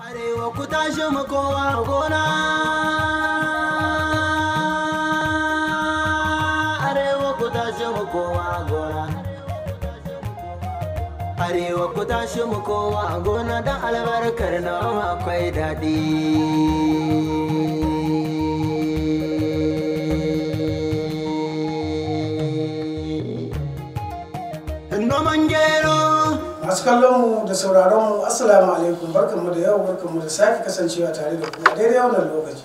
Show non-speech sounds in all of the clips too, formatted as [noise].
Arewa ku tashi mu kowa gona. Arewa ku tashi mu kowa gona. Arewa ku tashi mu kowa gona da albarkar na akwai daɗi. masu kallon mu da sauraron mu assalamu alaikum barkanmu da yau barkanmu da sake kasancewa tare da ku a daidai wannan lokaci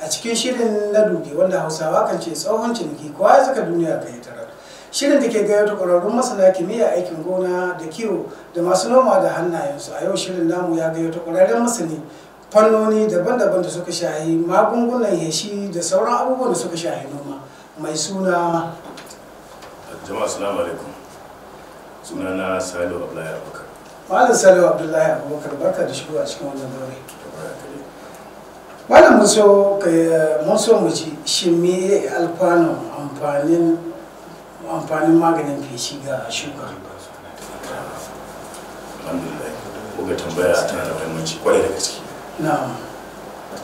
a cikin shirin na dubi wanda hausawa kan ce tsohon ciniki kowa ya saka duniya kai tara shirin da ke ta ƙwararrun masana kimiyya aikin gona da kiwo da masu noma da hannayensu a yau shirin namu ya ta ƙwararren masani fannoni daban-daban da suka shahi magungunan yashi da sauran abubuwan da suka shahi noma mai suna jama'a assalamu alaikum sunana salihu abdullahi abubakar malam salihu abdullahi abubakar barka da shigo a cikin wannan daure malam mun so mu ji shi me alfanun amfanin amfanin maganin feshi ga shuka alhamdulillah ko ga tambaya tana da muhimmanci kwarai da gaske na'am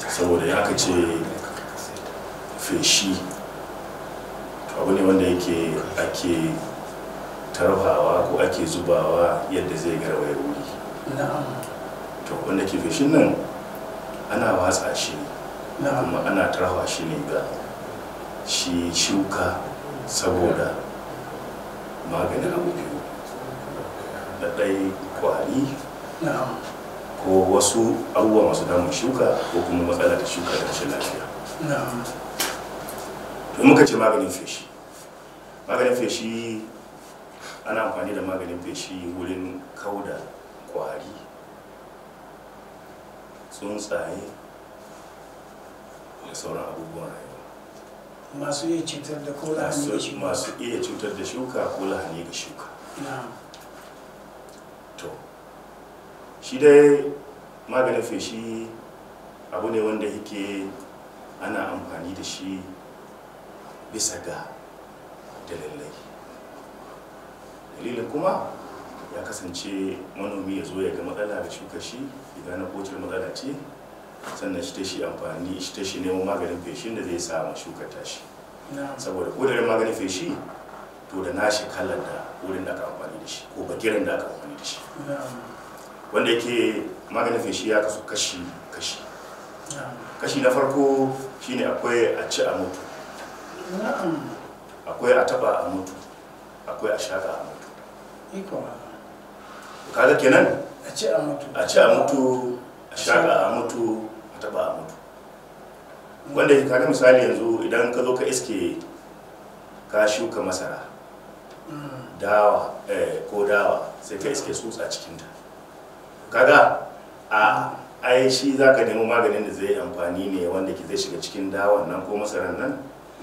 saboda ya ka ce feshi abu ne wanda yake ake Tarhawa ko ake zubawa yadda zai garwaye wuri Na'am. to wanda ke kifishin nan ana watsa shi ne Amma ana tarhawa shi ne ga shi shuka saboda maganin abu biyu da ɗai kwari ko wasu abubuwa masu damun shuka ko kuma matsala ta shuka da rashin lafiya Na'am. to muka ce maganin feshi maganin feshi ana amfani da maganin feshi wurin kauda kwari tsuntsaye da sauran abubuwan rayuwa masu iya cutar da ko lahani ga shuka masu iya cutar da shuka ko lahani ga shuka to shi dai maganin feshi abu ne wanda yake ana amfani da shi bisa ga dalilai dalilin kuma ya kasance manomi ya zo ya ga matsala da shuka shi idan na kocin matsala ce sannan shi ta shi amfani shi ta shi neman maganin feshin da zai samu shukar tashi saboda ko da maganin feshi to da nashi kalar da wurin da aka amfani da shi ko bagirin da aka amfani da shi wanda yake maganin feshi ya kasu kashi kashi kashi na farko shine akwai a ci a mutu akwai a taba a mutu akwai a shaka a mutu ikon kaga kenan a ce a mutu a ce a mutu a shaƙa a mutu a taba a mutu wanda ka ga misali yanzu idan ka zo ka iske ka shuka masara mm. dawa eh, ko dawa sai ka iske tsutsa cikinta kaga a ai shi za ka nemi maganin da zai amfani ne wanda ke zai shiga cikin dawan nan ko masaran nan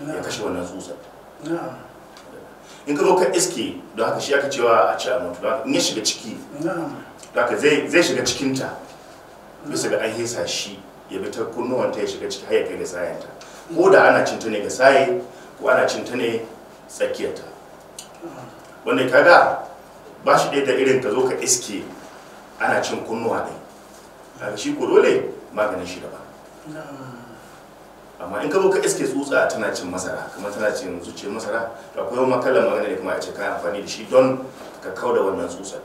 ya kashe wannan tsutsar in ka zo ka iske don haka shi aka cewa a ci a mutu in ya shiga ciki haka zai shiga cikinta bisa ga an hesa shi ya bi ta kunnuwanta ya shiga ciki har ya kai ga sayanta ko da ana cinta ne ga saye ko ana cinta ne tsakiyarta wanda ga ba shi ɗaya da irin ka zo ka iske ana cin kunnuwa ɗin shi ko dole maganin shi ba. amma in ka ka iske tsutsa tana cin masara kuma tana cin zuciyar masara to akwai wani makalla magana da kuma a ce ka amfani da shi don ka kau da wannan tsutsar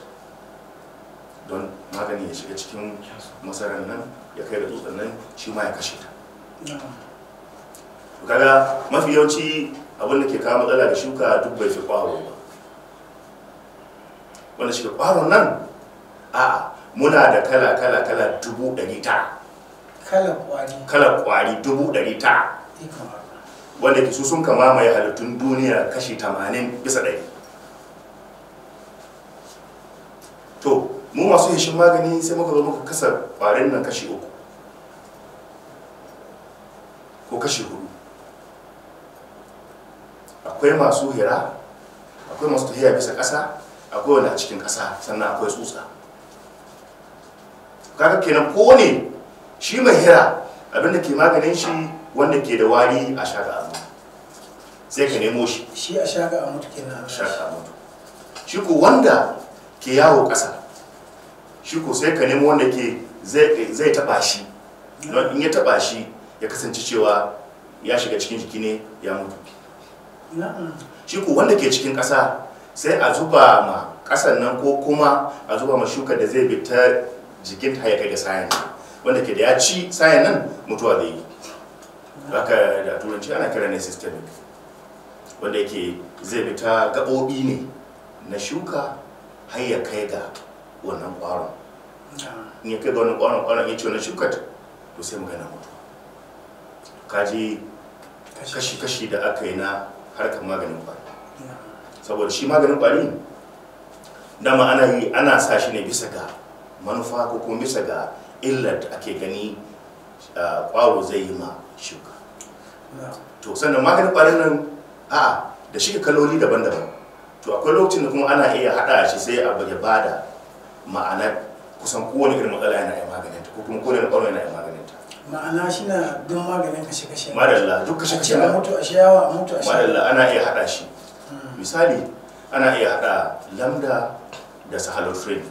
don magani ya shiga cikin masarar nan ya kai da tsutsar nan shi ma ya kashe ta kaga mafi yawanci abin da ke kawo matsala da shuka duk bai fi kwaro ba wanda shi kwaron nan a'a muna da kala kala kala dubu ɗari tara kalar kwari dubu ɗari ta wanda ke sun kama mai halittun duniya kashi tamanin bisa ɗari to mu masu yashin magani sai muka zo muka kasa kwarin nan kashi uku ko kashi hudu akwai masu hira akwai masu tafiya bisa ƙasa akwai wanda a cikin ƙasa sannan akwai tsutsa kaga kenan ko ne shi mai hira abinda ke maganin shi wanda ke da wari a shaka a sai ka nemo shi shi a shaka a mutu kenan shaka a mutu shi ko wanda ke yawo ƙasa shi ko sai ka nemo wanda ke zai taɓa shi don in ya taɓa shi ya kasance cewa ya shiga cikin jiki ne ya mutu shi ko wanda ke cikin ƙasa sai a zuba ma ƙasan nan ko kuma a zuba ma shukar da zai bi ta jikin ta ya kai da sayan wanda ke da ya ci sayan nan mutuwa da yi haka da turanci ana kira ne systemic wanda yake zai bi ta gaɓoɓi ne na shuka har ya kai ga wannan ƙwaron ah. in ya kai ga wannan ƙwaron ƙwaron ya ci wannan shuka to sai magana mutuwa kaji kashi-kashi da aka yi na harkar maganin ƙwari saboda shi maganin ƙwari dama ana yi ana sa shi ne bisa ga manufa ko kuma bisa ga illar da ake gani kwawo zai yi ma shuka to sannan maganin kwarin nan a da shi kaloli daban-daban to akwai lokacin da kuma ana iya haɗa shi sai a ya bada ma'ana kusan kowane irin matsala yana yi maganin ta ko kuma kowane kwaro yana yi maganin ta ma'ana shi na don maganin kashe-kashe madalla duk kashe-kashe na mutu a shayawa a mutu a shayawa madalla ana iya haɗa shi hmm. misali ana iya haɗa lambda da sahalofrin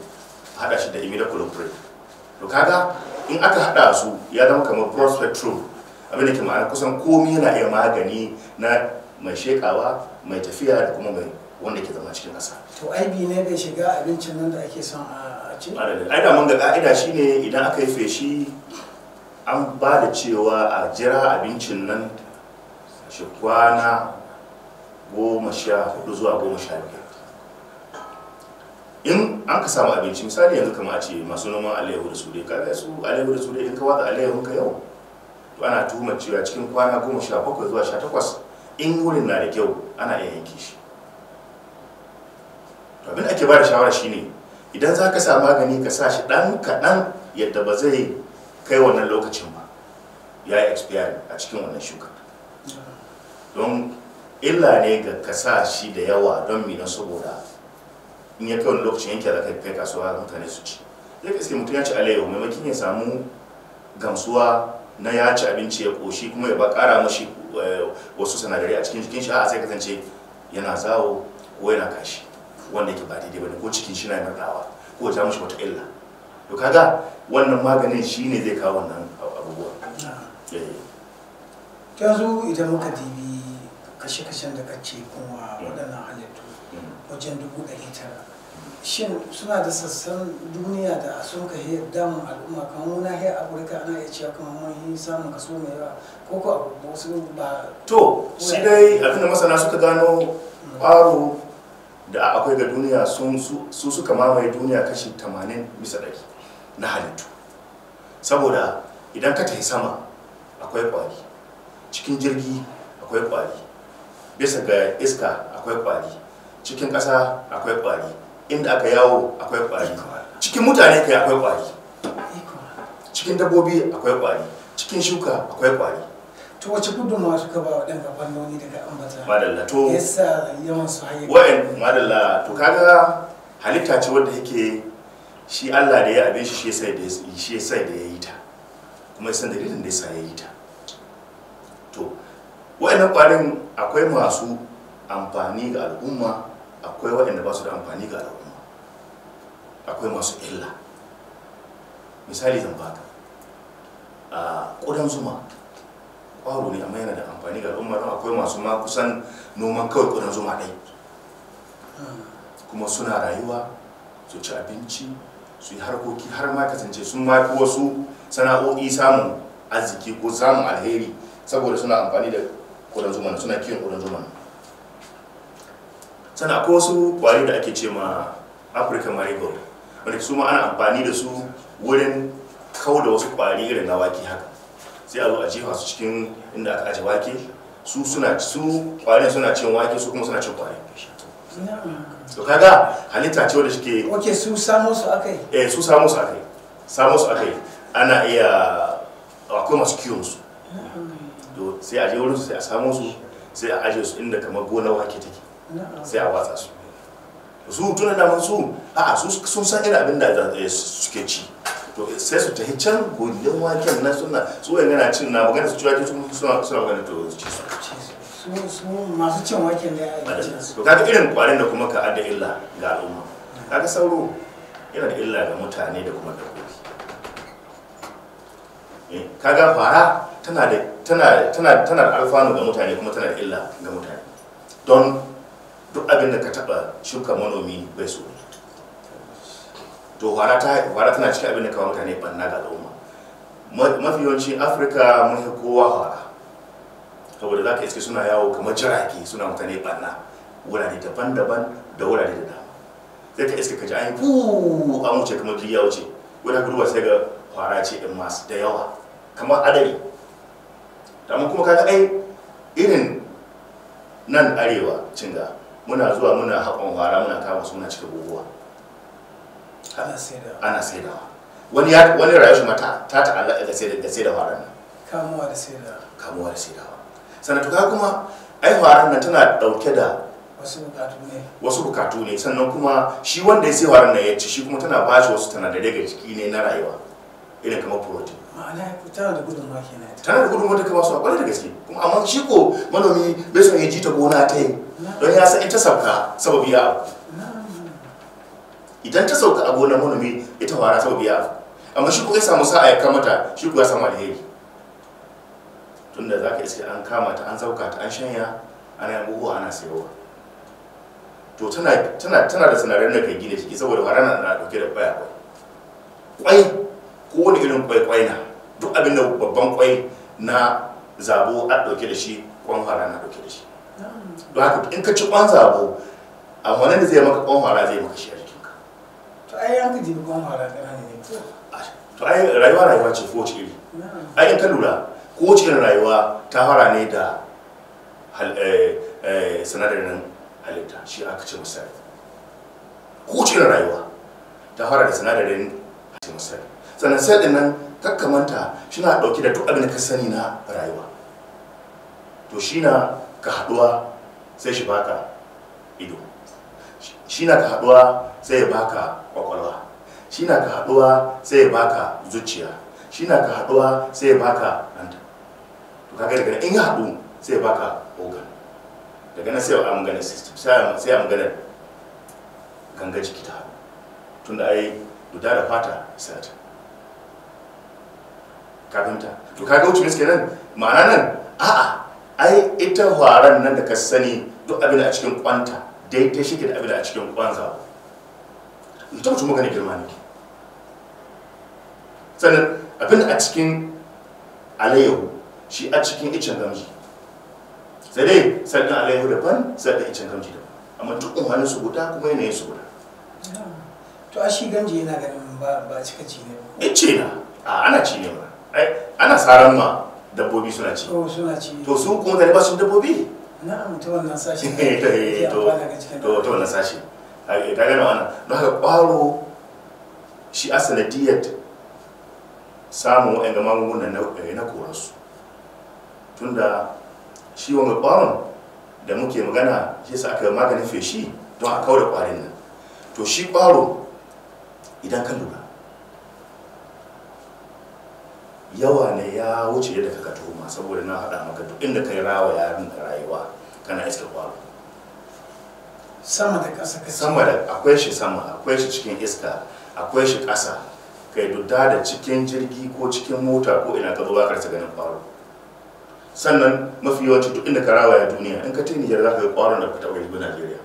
haɗa shi da imidacloprid to kaga in aka hada su ya zama kamar prospectrum abin da ke ma'ana kusan komi yana iya magani na mai shekawa mai tafiya da kuma mai wanda ke zama cikin ƙasa to aibi ne bai shiga abincin nan da ake son a ci ai da mun ga ka'ida shine idan aka yi feshi an ba da cewa a jira abincin nan shi kwana goma sha hudu zuwa goma sha biyar in an ka samu abinci misali yanzu kama a ce masu noman alayyahu da Sule. ka ga su alayyahu da Sule in ka wata alayyahu ka yau to ana tuhumar cewa cikin kwana goma sha bakwai zuwa sha takwas in wurin na da kyau ana iya yanke shi to abin ake ba da shawara shine idan za ka sa magani ka sa shi ɗan kaɗan yadda ba zai kai wannan lokacin ba ya yi expire a cikin wannan shuka don illa ne ga ka sa shi da yawa don mina saboda in ya kai wani lokacin yanke da kai kasuwa mutane su ci zai kai mutum ya ci alayyahu maimakon ya samu gamsuwa na ya ci abinci ya koshi kuma ya ba kara mashi eh, wasu sanadari a cikin jikin shi a sai kasance yana zawo ko yana kashi wanda yake ba daidai bane ko cikin shi na narkawa ko ta mashi wata illa to kaga wannan maganin shi ne zai kawo wannan abubuwa eh. yanzu idan muka dibi kashe-kashen da kace kuma mm. waɗannan halittu wajen dubu ɗari tara shin suna da sassan duniya da sun ka hiyar damun al'umma kamar muna hiyar afirka ana iya cewa kamar mun yi samun kaso mai yawa ko ko abubuwa su ba to shi dai abinda masana suka gano ƙwaro mm. da akwai ga duniya su suka mamaye duniya kashi 80 bisa ɗari na halittu saboda idan ka tafi sama akwai ƙwari cikin jirgi akwai ƙwari bisa ga iska akwai ƙwari cikin ƙasa akwai ƙwari inda aka yawo akwai ƙwari cikin mutane kai akwai ƙwari cikin dabbobi akwai ƙwari cikin shuka akwai ƙwari to wace gudunmawa suka ba ɗan fannoni daga ambata madalla to yasa yawan su haye wa'in madalla to kaga halitta ce wanda yake shi Allah da ya abin shi shi sai da shi sai da yayi ta kuma san dalilin da yasa yayi ta to wa'in ƙwarin akwai masu amfani ga al'umma akwai waɗanda ba su da amfani ga al'umma akwai masu illa misali zan baka a ƙudan zuma ƙwaro ne amma yana da amfani ga al'umma don akwai masu ma kusan noman kawai ƙudan zuma ɗai kuma suna rayuwa su ci abinci su yi harkoki har ma kasance sun ma wasu sana'o'i samun arziki ko samun alheri saboda suna amfani da ƙudan zuma suna kiyon ƙudan zuma sana ko wasu kwayoyi da ake ce ma african marigold wanda su ma ana amfani da su wurin kau da wasu kwari irin na wake haka sai a zo a jefa su cikin inda aka aje wake su suna su kwari suna cin wake su kuma suna cin kwari to kaga halitta ce wanda shike oke su samu su akai eh su samu su akai samu su akai ana iya akwai masu kiyon su to sai a je wurin su sai a samu su sai a aje su inda kamar gona wake take sai a watsa su su tunan da su a sun san irin abin da suke ci to sai su tafi can gudun waken na suna su wani yana cin na magana su ci wake suna suna magana to su ci su masu cin waken da ya to kaga irin kwarin da kuma ka adda illa ga al'umma kaga sauro yana da illa ga mutane da kuma dabbobi eh, kaga fara tana da tana tana tana da alfanu ga mutane kuma tana da illa ga mutane don duk abin da ka taba shuka manomi bai so to hwara tana cikin abin da kawo mutane banna ga al'umma mafi yawancin afirka mun fi kowa hwara saboda za ka iske suna yawo kamar jirage suna mutane banna wurare daban-daban da wurare da dama sai ka iske ka ji an yi fuu an wuce kamar giya wuce wani gurba sai ga kwara ce ɗin masu da yawa kamar adari amma kuma kaga ai irin nan arewa cinga muna zuwa muna haƙon fara muna kama su muna cika buguwa ana saidawa wani ya wani rayuwar shi mata ta ta'allaka ga sai da sai da faran nan kamuwa da sai kamuwa da sai sannan to kuma ai faran nan tana dauke da wasu bukatu ne wasu bukatu ne sannan kuma shi wanda ya sai faran nan ya ci shi kuma tana ba shi wasu tana da daga ciki ne na rayuwa irin kamar protein ma'ana tana da gudunmawa kenan tana da gudunmawa da kama su a kwarai da gaske kuma amma shi ko manomi bai son ya ji ta gona ta yi don ya san ita sauka sababi ya abu idan ta sauka a gonar manomi ita fara sababi ya abu amma shi kuka samu sa'a ya kamata shi kuka samu alheri tunda za ka iske an kama ta an sauka, ta an shanya ana yin buhu ana sayowa to tana da sinadarin da kan da ciki saboda warana na dauke da kwaya kwai kwai ko wani irin kwai kwai na duk abin da babban kwai na zabo a dauke da shi kwan fara na dauke da shi don haka in ka ci kwan zabo amma nan da zai maka kwan hara zai maka shi a jikinka to ai an ka jibi kwan hara kana ne to ai rayuwa rayuwa ce ko iri ai in ka lura ko wace rayuwa ta fara ne da eh, eh, sanadarin halitta shi aka ce misali ko wace rayuwa ta fara da sanadarin halitta misali sannan sai nan kakkamanta shi na ɗauki da duk abin da ka sani na rayuwa to shi na ka haduwa sai shi baka ido shi na ka haduwa sai ya baka kwakwalwa shi na ka haduwa sai ya baka zuciya shi na ka haduwa sai ya baka hanta to kaga daga in ya haɗu sai ya baka organ daga nan sai a magana system sai a magana ganga jiki ta haɗu tun da ai guda da fata sai ta kafinta to kaga wuce nan, ma'ana nan a'a ai ita hwaran nan da ka sani duk abin a cikin kwanta daidai shi ke da abin a cikin kwanza mutum mutum magana girma ne sannan abin a cikin alayyahu shi a cikin icen gamji sai dai sannan alayyahu daban sannan icen gamji daban amma duk umarnin su guda kuma yanayin su guda to a shi gamji yana ganin ba cika ci ne ba ice na a ana ci ne ba ana saran ma dabbobi suna ci oh, suna ci? to su kuma da ba su dabbobi na mutum wannan sashi [laughs] eh, eh, to to wannan sashi ga eh, gane wannan don haka kwaro shi a samu samun ga magungunan na korarsu tunda shi wanga ƙwaron da muke magana shi sa aka maganin feshi don a kawo da kwarin nan to shi kwaro idan ka lura yawa ne ya wuce yadda kaka tuhuma saboda na haɗa maka duk inda kai rawa yarin da rayuwa kana iska kwalo sama da ƙasa ka sama da akwai shi sama akwai shi cikin iska akwai shi ƙasa kai dudda da cikin jirgi ko cikin mota ko ina ka zo ba karsa ganin kwaro sannan mafi yawanci duk inda ka rawa ya duniya in ka tini yar za ka yi kwaron da ka taɓa yi Najeriya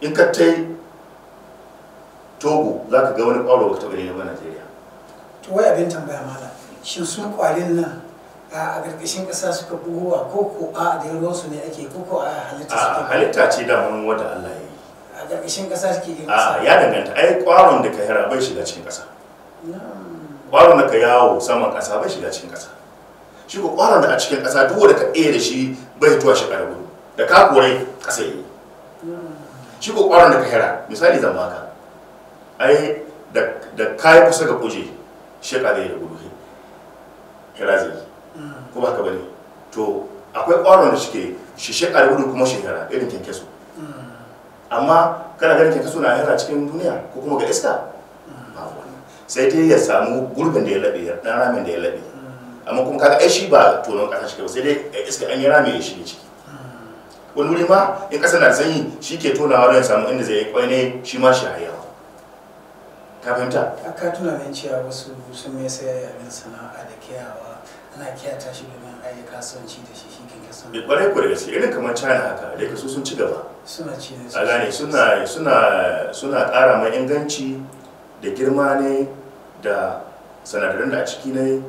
in ka tai Togo za ka ga wani kwaro ka taɓa yi ba Najeriya to wai abin tambaya mala shin sun kwarin nan a ƙarƙashin ƙasa suka buhuwa ko ko a da ruwan su ne ake ko ko a halitta suke halitta ce da mun wata Allah ya yi a ƙarƙashin ƙasa suke yin ƙasa ya danganta ai kwaron da ka hira bai shiga cikin ƙasa kwaron da ka yawo saman ƙasa bai shiga cikin ƙasa shi ko kwaron da a cikin ƙasa duk wanda ka iya da shi bai tuwa shi ƙarfi da ka kore ƙasa yi shi ko kwaron da ka hira misali zan baka ai da kai kusa ga kuje sheka yi da gudu kira zai ko ba ka bane to akwai ƙwaron da suke shi sheka da gudu kuma shi kira irin kenkeso amma kana ganin kenkeso na hira cikin duniya ko kuma ga iska sai dai ya samu gurbin da ya laɓe ɗan ramin da ya laɓe amma kuma kaga ai shi ba tonon ƙasa shi ba sai dai iska an yi rami ya shige ciki wani wuri ma in ƙasa na sanyi shi ke tonawa don ya samu inda zai yi ne shi ma shi haya. ka fahimta a ka tuna cewa wasu sun mai saya yayin sana'a da kiyawa ana kiyata shi domin a yi kasuwanci da shi shi kan kasan da kwarai eh, da gaske irin kamar china haka da kasu sun ci gaba suna ci ne a gane suna suna suna ƙara mai inganci da girma ne da sanadarin da a ciki ne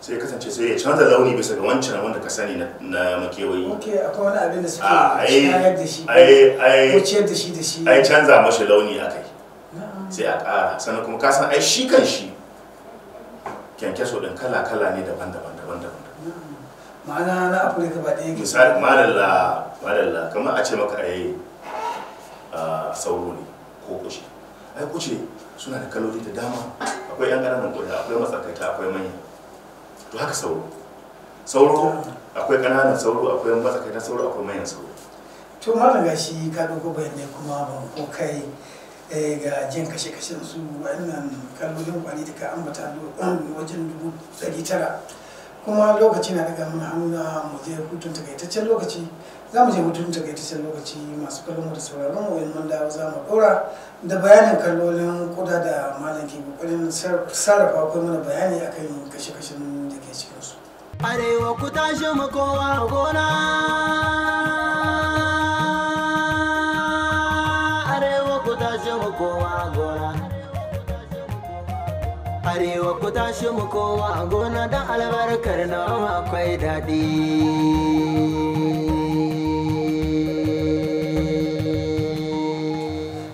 sai kasance sai ya canza launi bisa ga wancan wanda ka sani na makewayi ok akwai wani abin da suke ah, shayar da shi ko ciyar da shi da shi ai canza mashi launi akai sai a ƙara sannan kuma ka san ai shi kan shi kyankyaso ɗin kala-kala ne daban-daban daban-daban ma'ana na afirka ba ɗaya misali madalla madalla kamar a ce maka ai sauro ne ko kuce ai kuce suna da kaloli da dama akwai yan ƙananan ƙuri, akwai matsakaita akwai manya to haka sauro sauro akwai ƙananan sauro akwai matsakaita sauro akwai manyan sauro to malam gashi ka ɗauko bayanai kuma ban ko kai Eh, ga jin kashe-kashen su wannan kalolin kwani da ka ambata wajen dubu ɗari tara kuma lokaci na daga mun hannuna muje je hutun takaitaccen lokaci za mu je hutun takaitaccen lokaci masu kallon da sauraron mu in mun za mu ɗora da bayanin kallolin kuda da malam ke kokarin sarrafa kai mana bayani akan kashe-kashen da ke cikin su arewa ku tashi mu kowa gona tashi kowa gona arewa ku tashi mu kowa gona don albarkar nawa akwai daɗi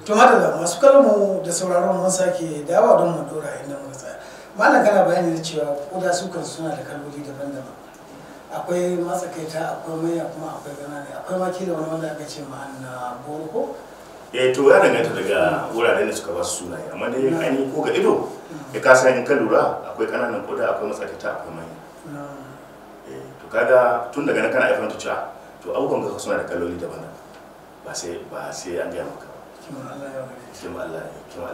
to da masu kalmo da sauraron mun sake dawa don mu dora inda muka tsaya malam kana bayani da cewa koda kan suna da kaloli daban-daban akwai matsakaita akwai maya kuma akwai ganane akwai maki da wani wanda aka ce ma'ana boko eh to ya danganta daga wuraren da suka ba su sunaye amma dai hmm. ainihin ko ga ido ya kasa in ka lura akwai kananan koda akwai matsakaita akwai manya hmm. eh, to kaga tun daga nan kana aifan tuca to abubuwan ka suna da kaloli daban ba sai ba sai an gaya maka kima Allah ya kima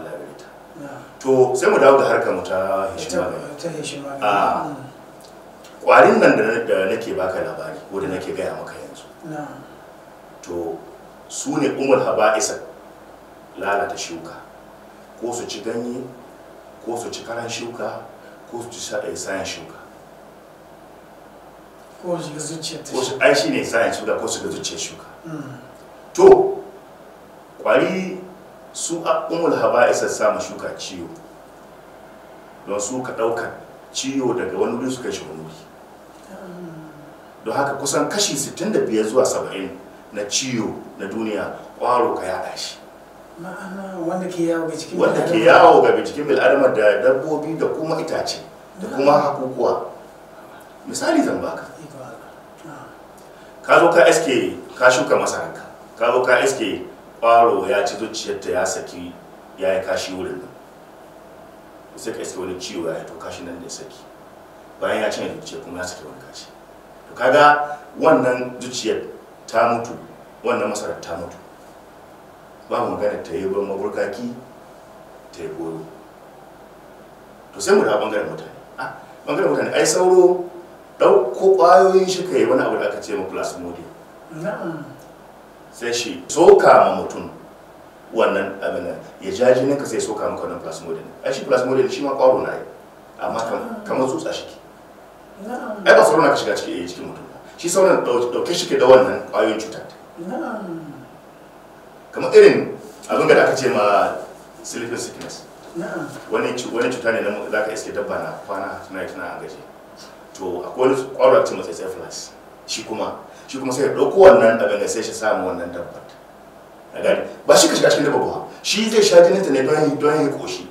Allah ya ta hmm. to sai mu dawo ga harkar mu ta hishima a ah. kwarin nan da nake baka labari ko da nake gaya maka yanzu to su ne umar haba'isa lalata shuka ko su ci ganye ko su ci karan shuka ko su ci eh, sayan shuka ko su ga zuciyar ta shuka ai shine sayan shuka ko su ga zuciyar shuka hmm. to kwari su a umul isa sama shuka ciwo don su ka ɗaukar ciwo daga wani wuri su kai shi wani hmm. don haka kusan kashi 65 zuwa 70 na ciwo na duniya kwaro ka ya shi wanda ke yawo ga cikin bil'adama da dabbobi da kuma itace da kuma hakukuwa misali zan baka ah. ka zo ka iske ka shuka masaranka ka zo ka iske kwaro ya ci zuciyarta ya saki ya yi kashi wurin nan sai ka iske wani ciwo ya to kashi nan da ya saki bayan ya cinye zuciya kuma ya saki wani kashi to kaga wannan zuciyar ta mutu wannan masarar ta mutu ba magana ta yi ban maburkaki ta yi goro to sai mu da bangaren mutane a ah, bangaren mutane ai sauro ɗauko ƙwayoyin shi ka yi wani abu da aka ce ma plasmodium sai shi soka ma mutum wannan abin nan ya ja jinin ka sai soka maka wannan plasmodium ai shi plasmodium shi ma ƙwaro na yi amma ah. kamar tsutsa shi ke ai ba sauro na ka shiga cikin eh, cikin mutum shi sauran ɗauke shi ke da wannan ƙwayoyin cutar kamar irin abin da aka ce ma sleeping sickness wani cuta ne za ka iske dabba na kwana tana tana a gaji to akwai wani kwarar ce mace flies shi kuma shi kuma sai ya ɗauko wannan abin da sai shi samu wannan dabba. a gani ba shi ka shiga cikin dabba ba shi zai sha jinin ta ne don yi don yi koshi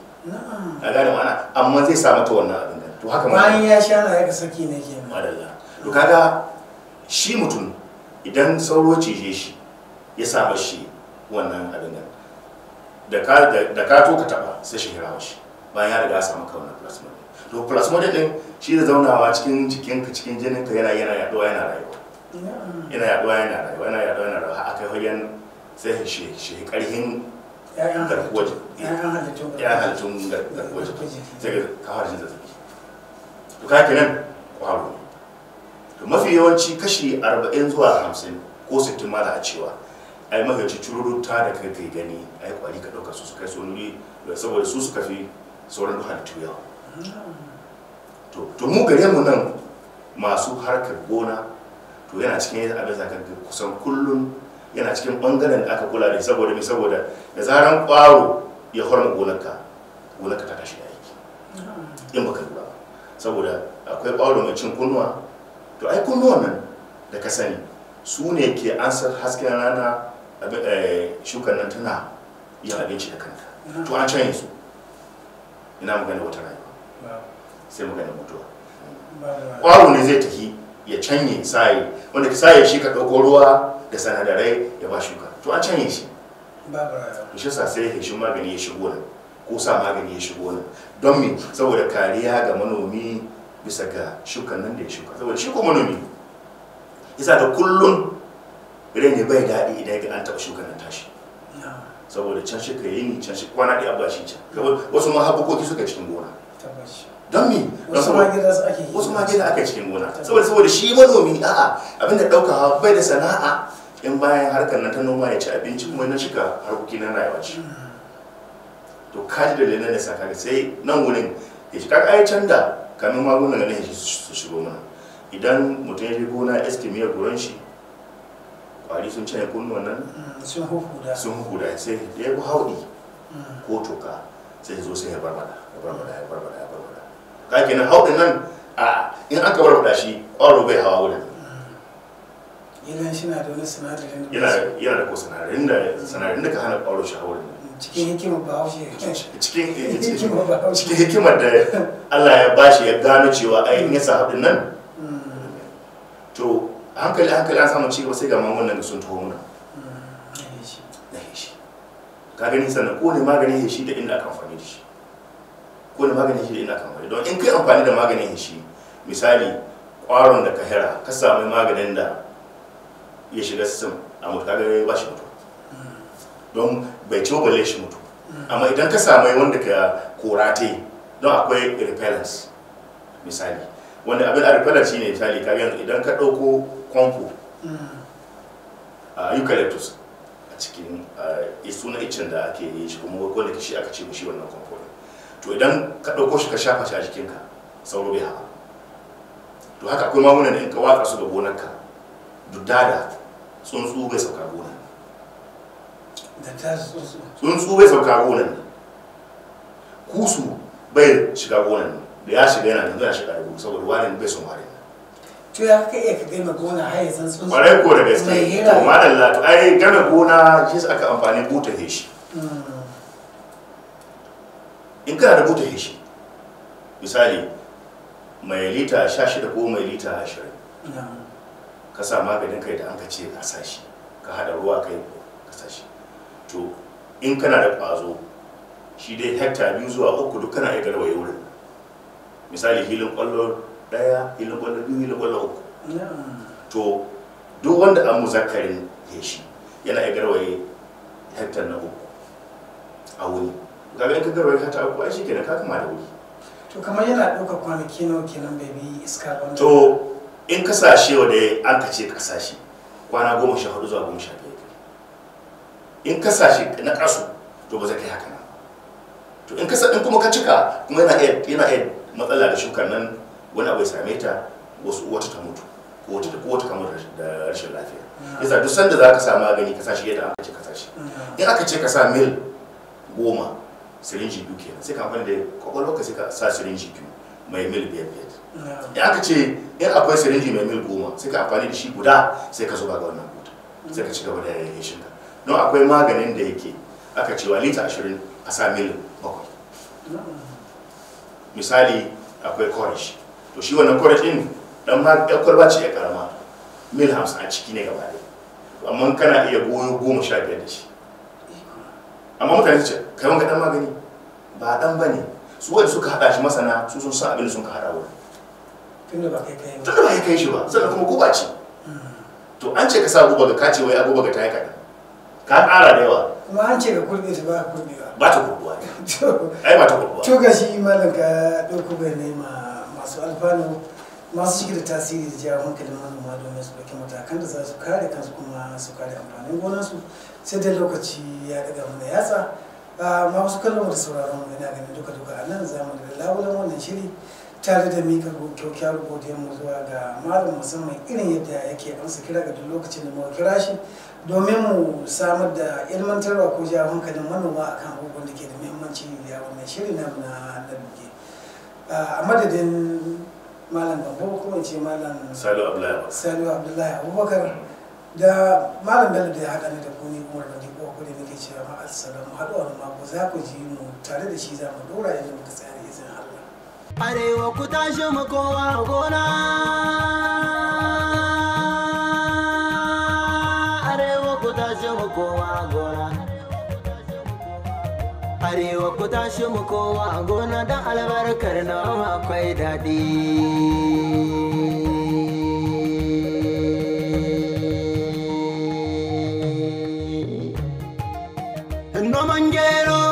a gane ma'ana amma zai samu ta wannan abin to haka ma bayan ya sha na ya saki ne ke madalla to kaga shi mutum idan sauro cije shi ya samu shi wannan abin nan da ka to ka taba sai shi hira shi bayan ya riga ya samu kawunan plasmodium to plasmodium din shi da zaunawa cikin cikin ka cikin jinin ka yana yana yaduwa yana rayuwa yana yaduwa yana rayuwa yana yaduwa yana rayuwa a hoyan sai shi shi shi karhin garkuwar jiki ya halittun garkuwar jiki sai ka kawar jin zazzabi to ka kenan kwaro to mafi yawanci kashi 40 zuwa 50 ko 60 ma da cewa ai magaci ta da kai kai gani ai kwari ka dauka su su kai sonuri saboda su su kafi sauran duk halittu yawa to mu gare mu nan masu harkar gona to yana cikin yadda abin zaka kusan kullum yana cikin bangaren da aka kula da saboda mai saboda da zaran kwaro ya horma gonarka gonarka ta tashi aiki in baka ba saboda akwai kwaro mai cin kunnuwa to ai kunnuwan nan da ka sani su ne ke ansar hasken rana Eh, shukar nan tana yin abinci da kanta to an can yanzu ina magana wata rayuwa sai magana mutuwa kwaro ne zai tafi ya canye sai wanda sai shi ka ɗauko ruwa da sanadarai ya ba shuka to an canye shi to shi sa sai ya shi magani ya shigo nan ko sa magani ya shigo nan don me saboda kariya ga manomi bisa ga shukan nan da ya shuka saboda shi ko manomi yasa da kullum rai bai daɗi idan ga an taɓa shugaban tashi saboda can shi ka yi ni can shi kwana ɗaya ba shi can wasu ma haɓukoki suka cikin gona don mi wasu ma gida aka cikin gona saboda saboda shi manomi a'a abinda ɗaukawa bai da sana'a in bayan harkar nan ta noma ya ci abinci kuma na shiga harkoki na rayuwa ci. Hmm. to kaji da lalata da saka sai nan wurin ya shiga ai canza kamin magunan ganin su shigo mana idan mutum ya je gona eskimiyar goron shi kwari sun cire kunnu nan ah, sun huhuda sun huhuda sai ya haudi hauɗi ko toka sai ya zo sai ya barbada ya barbada ya barbada ya barbada ka kenan haudin nan a in aka barbada shi kwaro bai hawa wurin idan ah, shi na da wani sinadarin yana yana da ko sinadarin da sinadarin da ka hana kwaro shi hawa wurin eh, [laughs] cikin hikimar bahaushe cikin hikimar da Allah ya bashi ya gano cewa in ya sa haɗin nan mm. to hankali hankali an samu ci gaba sai ga nan da sun taho muna na heshi ka gani sannan ko ne maganin heshi da inda aka amfani da shi ko ne maganin heshi da inda aka amfani don in kai amfani da maganin heshi misali kwaron da ka ka samu maganin da ya shiga sistem a mutu ka ba shi mutu don bai ciwo balle shi mutu amma idan ka samu wanda ka korate don akwai repellence misali wanda abin a repellence shine misali ka yanzu idan ka ɗauko kwanko mm. a eucalyptus a cikin eh, suna icen da ake yi shi kuma wanda shi aka ce shi wannan kwanko to idan ka ɗauko shi ka shafa shi a jikinka sauro bai hawa to haka akwai magunan da in ka watsa su ga gonarka dudada tsuntsu bai sauka gona tsuntsu bai sauka gonar kusu bai shiga gonar da ya shiga yana da yana shiga da saboda wani bai son wani to ya ka iya ka gane gona har ya san sun kwarai ko da gaske to madalla to ai gane gona shi aka amfani buta heshi hmm. in kana da buta heshi misali mai lita 16 ko mai lita 20 hmm. ka sa maganin kai da an ka ce ka sa shi ka hada ruwa kai ka sa shi to in kana da ƙwazo shi dai hekta biyu zuwa uku duk kana iya garwaye wurin misali hilin kwallon ɗaya ila lagwala biyu ila lagwala uku to duk wanda an muzakarin ya shi yana ya garwaye hektar na uku a wuni ga ga ka garwaye hektar uku ai shikenan ka kama da wuri to kamar yana ɗaukar kwanaki nawa kenan bai bi iska ba to in sashe wa da an ka ce sashe kwana goma sha hudu zuwa goma sha biyar in kasashe na kasu to ba zai kai haka nan to in kasa in kuma ka cika kuma yana iya yana iya matsala da shukar nan wani abu ya same ta wasu wata ta mutu ko wata ko wata kamar da rashin lafiya yasa duk sanda za ka sa magani ka sashi yadda aka ce ka sashi in aka ce ka sa mil goma sirinji biyu kenan sai ka amfani da kwakwalwa ka sai ka sa sirinji biyu mai mil biyar biyar in aka ce in akwai sirinji mai mil goma sai ka amfani da shi guda sai ka zuba ga wannan bota. sai ka ci gaba da yayin shi don akwai maganin da yake aka cewa lita ashirin a sa mil bakwai misali akwai korish to shi wannan kwarat din dan ma ya kwalba ce ya karama mil hamsin a ciki ne gaba ɗaya amma kana iya goyo goma sha biyar da shi amma mutane ce kai wanka dan magani ba dan ba ne su wanda suka haɗa shi masana su sun san abin da sun ka haɗa wurin tunda ba kai kai shi ba sannan kuma guba ce to an ce ka sa guba ga kace wai abubuwa ga ta yi kaɗan ka ƙara da yawa kuma an ce ka kurbe ta ba kurbewa ba ta kurbuwa [laughs] ai ba ta kurbuwa to ga shi malam ɗauko bai nema masu alfanu masu shiga da tasiri da jawo hankalin manoma domin su ɗauki matakan da za su kare kansu kuma su kare amfanin su sai dai lokaci ya daga mana yatsa masu kallon da sauraron mu yana ganin duka duka a nan zamu da labulan wannan shiri tare da mika kyaukyar godiyar mu zuwa ga malam musamman irin yadda yake amsa kira ga duk lokacin da muka kira shi domin mu samar da ilmantarwa ko jawo hankalin manoma akan abubuwan da ke da muhimmanci ya wannan shiri na na na a madadin malam babo ko in ce malam salu abdullahi salu abdullahi abubakar da malam bello da ya haɗa ni da ku ni kuma rabin ko ku da nake cewa ma assalamu haɗu wani mako za ku ji mu tare da shi za mu ɗora yadda muka tsaya da izinin Allah arewa ku tashi mu kowa gona arewa ku tashi mu kowa gona don albarkar nawa akwai daɗi noman gero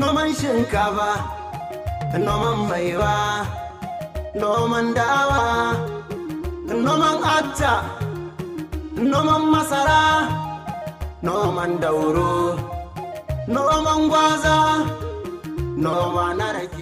noman shinkafa noman maiwa noman dawa noman atta noman masara noman dauro noman ngwaza, noma na rake